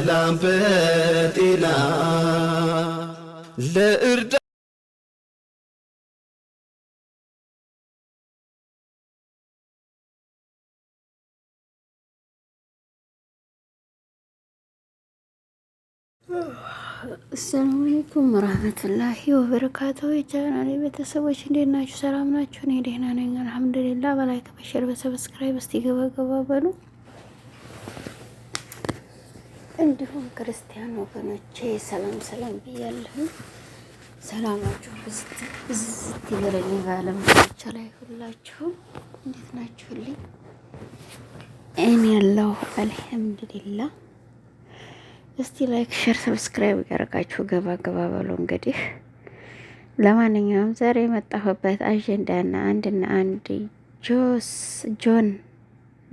በሰላም በጤና ለእርዳ አሰላሙ አለይኩም ወራህመቱላሂ ወበረካቱ። የቻናሌ ቤተሰቦች እንዴት ናችሁ? ሰላም ናችሁ? እኔ ደህና ነኝ አልሐምዱሊላህ። በላይክ በሸር በሰብስክራይብ እስቲ ገባ ገባ በሉ። እንዲሁም ክርስቲያን ወገኖቼ ሰላም ሰላም ብያለሁ። ሰላማችሁ ብዝት ይበለኝ። በዓለም ቻ ላይ ሁላችሁም እንዴት ናችሁልኝ? እኔ ያለው አልሐምዱሊላ። እስቲ ላይክ፣ ሸር፣ ሰብስክራይብ ያደርጋችሁ ገባ ገባ በሉ። እንግዲህ ለማንኛውም ዛሬ የመጣሁበት አጀንዳ እና አንድና አንድ ጆስ ጆን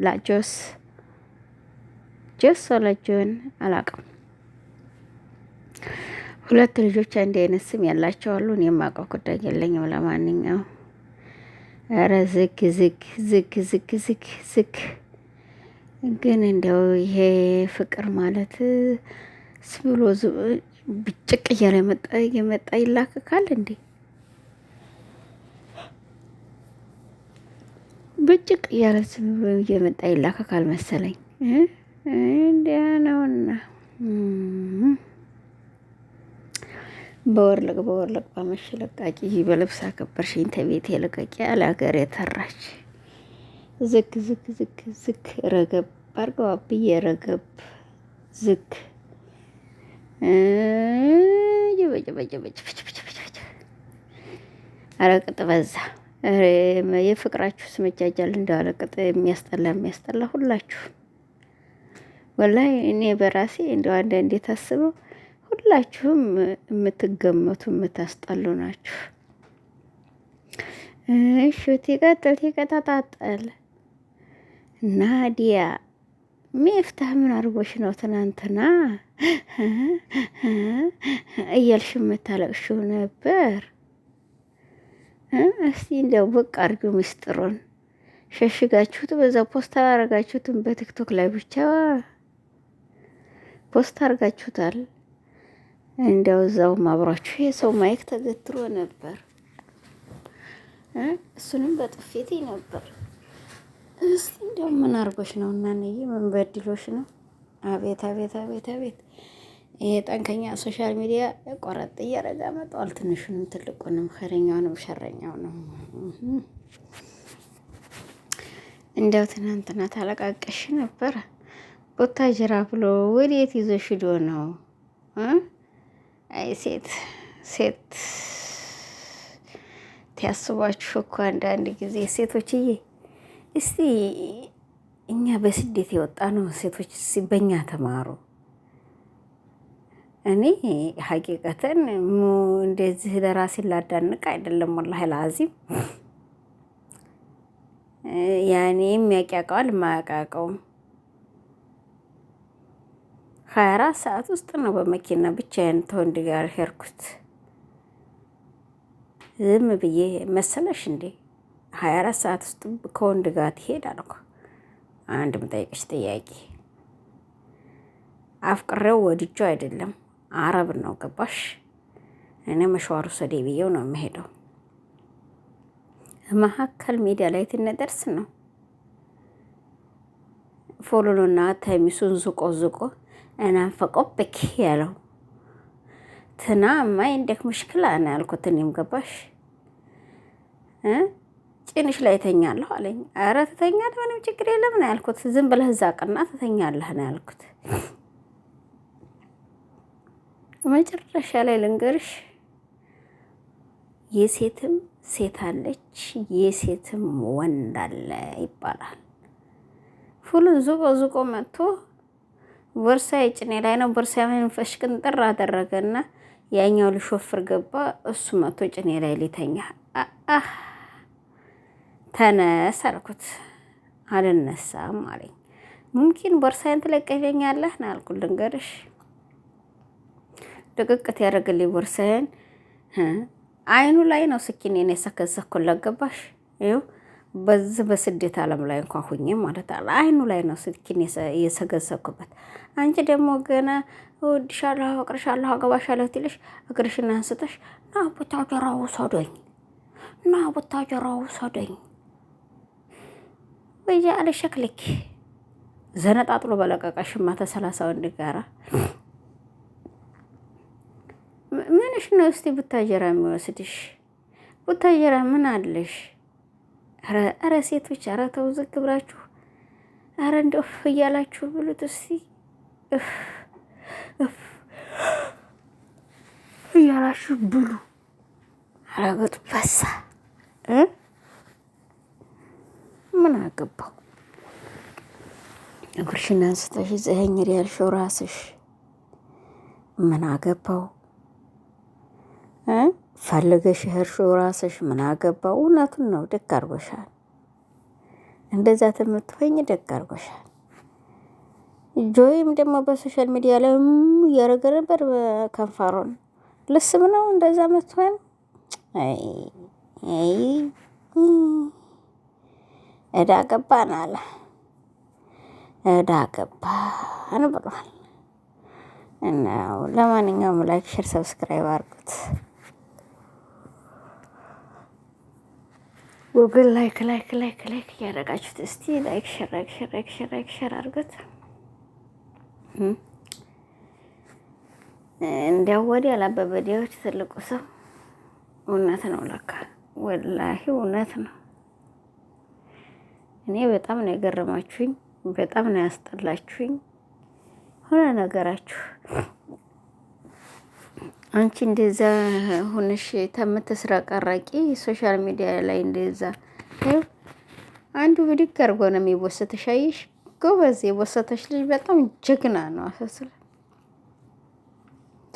ላጆስ ጀስ አላቸውን አላቅም። ሁለት ልጆች አንድ አይነት ስም ያላቸው አሉ። እኔ የማውቀው ጉዳይ የለኝም። ለማንኛው ኧረ ዝግ ዝግ ዝግ ዝግ ዝግ ዝግ ግን እንደው ይሄ ፍቅር ማለት ስብሎ ብጭቅ እያለ የመጣ ይላክካል እንዴ? ብጭቅ እያለ ስብሎ እየመጣ ይላክካል መሰለኝ። እንዲያ ነውና በወርልቅ በወርልቅ በመሽ ለቃቂ በልብስ አከበርሽኝ ተቤት የለቀቂ አላገር የተራች ዝክ ዝክ ዝክ ዝክ ረገብ አርገው የረገብ ዝክ አረቅጥ በዛ የፍቅራችሁ ስመጃጃል እንደ እንዳለቅጥ የሚያስጠላ የሚያስጠላ ሁላችሁ ወላሂ እኔ በራሴ እንደው አንዳንዴ ታስበው ሁላችሁም የምትገመቱ የምታስጠሉ ናችሁ። እሺ ትቀጥል ትቀጣጣል። ናዲያ ሚፍታህ ምን አርጎሽ ነው ትናንትና እያልሽ የምታለቅሽው ነበር? እስቲ እንደው ብቅ አርጊው ሚስጥሩን ሸሽጋችሁት በዛ ፖስት አላረጋችሁትም በቲክቶክ ላይ ብቻ ፖስት አድርጋችሁታል። እንዲያው እዛውም አብሯችሁ የሰው ማይክ ተገትሮ ነበር። እሱንም በጥፊቴ ነበር። እስቲ እንዲያው ምን አርጎሽ ነው እናንዬ? ምን በድሎች ነው? አቤት አቤት አቤት አቤት! ይሄ ጠንከኛ ሶሻል ሚዲያ ቆረጥ እያረጋ መጠዋል። ትንሹንም ትልቁንም ኸረኛውንም ሸረኛውንም እንዲያው ትናንትና ታለቃቀሽ ነበረ። ጅራ ብሎ ወዴት ይዞ ሽዶ ነው? አይ ሴት ሴት ያስባችሁ እኮ አንዳንድ ጊዜ ሴቶችዬ፣ እስቲ እኛ በስደት የወጣ ነው ሴቶች በእኛ ተማሩ። እኔ ሀቂቀተን እንደዚህ ለራሴ ላዳንቅ አይደለም፣ ወላሂ ለአዚም ያኔ የሚያውቅ ያውቀዋል፣ የማያውቅ ሀያ አራት ሰዓት ውስጥ ነው በመኪና ብቻዬን ተወንድ ጋር ሄድኩት። ዝም ብዬ መሰለሽ እንዴ ሀያ አራት ሰዓት ውስጥ ከወንድ ጋር ትሄድ አልኩ። አንድ ምጠይቅሽ ጥያቄ አፍቅሬው ወድጆ አይደለም አረብ ነው ገባሽ? እኔ መሸዋሩ ሰዴ ብዬው ነው የምሄደው። መሀከል ሜዳ ላይ ትነደርስ ነው ፎሎሎና ተሚሱን ዝቆ ዝቆ እናፈቆብክ ያለው ትና ማይ እንደክ ምሽክላ እና ያልኩት እኔም ገባሽ ጭንሽ ላይ ተኛለሁ አለኝ። አረ ትተኛለህ፣ ምንም ችግር የለም ነው ያልኩት። ዝም ብለህ እዛ ቅና ትተኛለህ ነው ያልኩት። መጨረሻ ላይ ልንገርሽ፣ የሴትም ሴት አለች የሴትም ወንድ አለ ይባላል። ሁሉን ዙቆ ዙቆ መጥቶ ቦርሳ የጭኔ ላይ ነው። ቦርሳ መንፈሽ ግን ጥር አደረገና ያኛው ልሾፍር ገባ። እሱ መቶ ጭኔ ላይ ሊተኛ ተነስ አልኩት። አልነሳም አለኝ። ሙምኪን ቦርሳዬን ትለቀሽኛለህ ና አልኩት። ልንገርሽ ድቅቅት ያደረግልኝ ቦርሳዬን አይኑ ላይ ነው ስኪኔን የሰከሰኩን ለገባሽ ይኸው በዚህ በስደት ዓለም ላይ እንኳ ሁኜ ማለት አለ አይኑ ላይ ነው ስልኪን የሰገሰኩበት። አንቺ ደግሞ ገና እወድሻለሁ፣ አፈቅርሻለሁ፣ አገባሻለሁ ትልሽ እግርሽን አንስተሽ ና ቡታጀራ ውሰዶኝ፣ ና ቡታጀራ ውሰዶኝ አለ ሸክልክ ዘነጣጥሎ በለቀቀ ሽማተ ሰላሳ ወንድ ጋራ ምንሽ ነው እስቲ ቡታጀራ የሚወስድሽ? ቡታጀራ ምን አለሽ? ኧረ ሴቶች ኧረ ተው ዝግ ብላችሁ ኧረ እንደው እፍ እያላችሁ ብሉት እስቲ እፍ እፍ እያላችሁ ብሉ። አረገጡ ፈሳ ምን አገባው? እጉርሽና አንስተሽ ዘኸኝ ያልሽው ራስሽ ምን አገባው? ፈልገሽ ሄድሽው ራስሽ ምን አገባው? እውነቱን ነው። ደግ አድርጎሻል። እንደዛ ትምትሆኝ ደግ አድርጎሻል። ጆይም ደግሞ በሶሻል ሚዲያ ላይ እያረገ ነበር። ከንፈሮን ልስም ነው እንደዛ ምትሆን እዳ ገባን አለ እዳ ገባን ብሏል። እና ለማንኛውም ላይክ፣ ሼር፣ ሰብስክራይብ አርጉት። ወገን ላይክ ላይክ ላይክ ላይክ እያደረጋችሁት እስቲ ላይክ ሸር ላይክ ሸር ሸር ሸር አድርጉት። እንዲያው ወዲህ ያላበበ ዲያዎች ትልቁ ሰው እውነት ነው ለካ፣ ወላሂ እውነት ነው። እኔ በጣም ነው የገረማችሁኝ፣ በጣም ነው ያስጠላችሁኝ ሆነ ነገራችሁ። አንቺ እንደዛ ሆነሽ ሁንሽ ቀራቂ ሶሻል ሚዲያ ላይ እንደዛ አንዱ ብድግ አርጎ ነው የሚወሰተሽ። አየሽ ጎበዝ፣ የወሰተሽ ልጅ በጣም ጀግና ነው። አሰስለ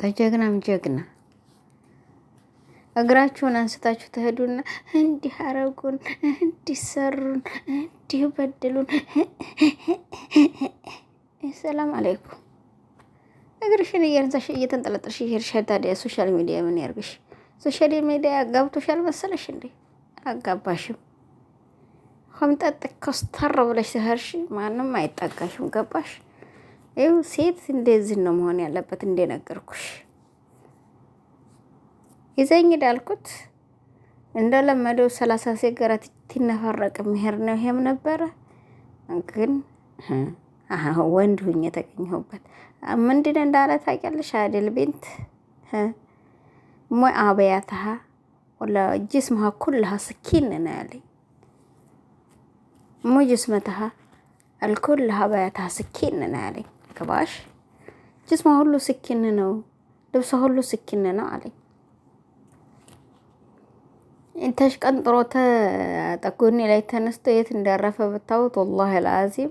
ተጀግናም ጀግና እግራችሁን አንስታችሁ ትሄዱና እንዲህ አረጉን፣ እንዲህ ሰሩን፣ እንዲህ በድሉን። ሰላም አለይኩም እግርሽን እየነሳሽ እየተንጠለጠልሽ ይሄድሽ። ታዲያ ሶሻል ሚዲያ ምን ያርግሽ? ሶሻል ሚዲያ አጋብቶሻል መሰለሽ እንዴ? አጋባሽም። ከምጠጥ ኮስተር ብለሽ ስህርሽ ማንም አይጠጋሽም። ገባሽ? ይኸው ሴት እንደዚህ ነው መሆን ያለበት። እንደነገርኩሽ ይዘኝ ዳልኩት እንደለመደው ሰላሳ ሴት ጋር ትነፈረቅ ምሄር ነው ይሄም ነበረ ግን ወንድ ሁኝ የተገኘሁበት ምንድን እንዳለ ታውቂያለሽ አይደል? ቤንት ሞይ አበያትሃ ጅስምሃ ኩልሃ ስኪን ነው ያለኝ። ሞ ጅስመትሃ አልኩልሃ አበያትሃ ስኪን ነው ያለኝ። ግባሽ ጅስማ ሁሉ ስኪን ነው፣ ልብሷ ሁሉ ስኪን ነው አለኝ። ተሽቀንጥሮ ተጠጎኔ ላይ ተነስቶ የት እንዳረፈ ብታውት ወላሂ አልዓዚም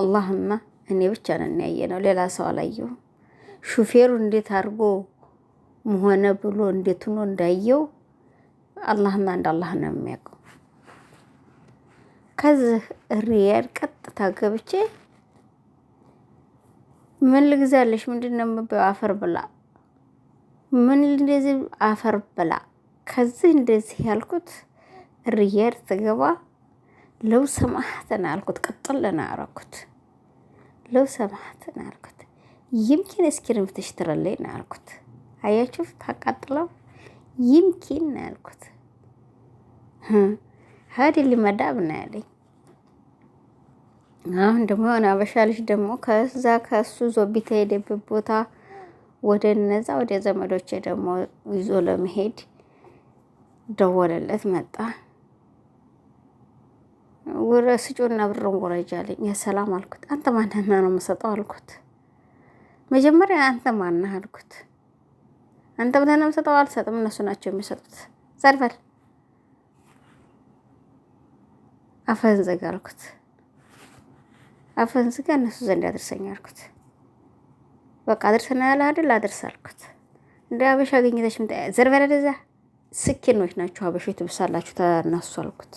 አላህማ እኔ ብቻ ነን ያየ ነው፣ ሌላ ሰው አላየው። ሹፌሩ እንዴት አድርጎ መሆነ ብሎ እንዴት ሆኖ እንዳየው አላህና እንደ አላህ ነው የሚያውቀው። ከዚህ ሪያድ ቀጥታ ገብቼ ምን ልግዛለሽ? ምንድን ነው የምበይው? አፈር ብላ ምን እንደዚህ አፈር ብላ። ከዚህ እንደዚህ ያልኩት ሪያድ ስገባ ለው ሰማህተና አልኩት፣ ቀጥልና አረኩት። ለው ሰማት ናልኩት ይምኪን እስኪርብትሽ ትረለይ ናልኩት አያችሁ ታቃጥለው ይምኪን ናልኩት ሀዲ ሊመዳብ ነው ያለኝ። አሁን ደግሞ የሆነ አበሻ ልጅ ደግሞ ከዛ ከሱ ዞቢታ ሄደበት ቦታ ወደ እነዛ ወደ ዘመዶቼ ደግሞ ይዞ ለመሄድ ደወለለት መጣ። ውረ ስጮና ብሩን ውረጅ አለኝ። የሰላም አልኩት። አንተ ማንህና ነው የምሰጠው አልኩት። መጀመሪያ አንተ ማንህ አልኩት። አንተ ብለህ ነው የምሰጠው? አልሰጥም፣ እነሱ ናቸው የሚሰጡት። ዘርፈል አፈን ዘጋ አልኩት። አፈን ዝጋ እነሱ ዘንድ አድርሰኝ አልኩት። በቃ አድርሰና ያለ አይደል አድርስ አልኩት። እንደ አበሻ አገኘተሽ ምጣ ዘርበለ ደዛ ስኪኖች ናቸው ሀበሾች ትብሳላችሁ ተነሱ አልኩት።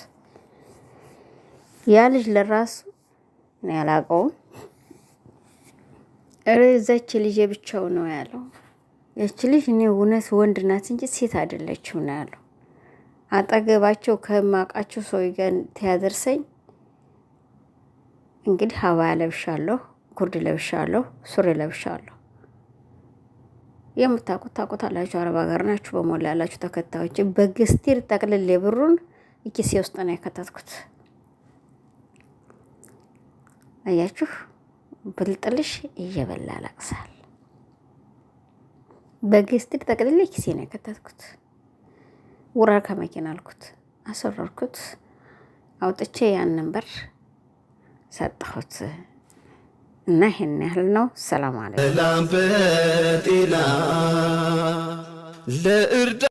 ያ ልጅ ለራሱ ነው ያላቀውም። እረ እዛች ልጅ የብቻው ነው ያለው። ያች ልጅ እኔ እውነት ወንድ ናት እንጂ ሴት አይደለችም ነው ያለው። አጠገባቸው ከማውቃቸው ሰው ጋር ተያደርሰኝ እንግዲህ ሀባያ ለብሻለሁ፣ ጉርድ ለብሻለሁ፣ ሱሪ ለብሻለሁ። የምታውቁት ታውቁታላችሁ። አረብ ሀገር ናችሁ በሞላ ያላችሁ ተከታዮች በግስቲር ጠቅልል የብሩን እኪሴ ውስጥ ነው የከተትኩት። አያችሁ፣ ብልጥልሽ እየበላ ላቅሳል። በግስትር ጠቅልሌ ኪሴ ነው የከተትኩት። ውረር ከመኪና አልኩት፣ አሰረርኩት። አውጥቼ ያንን በር ሰጠሁት እና ይሄን ያህል ነው። ሰላም አለ ለእርዳ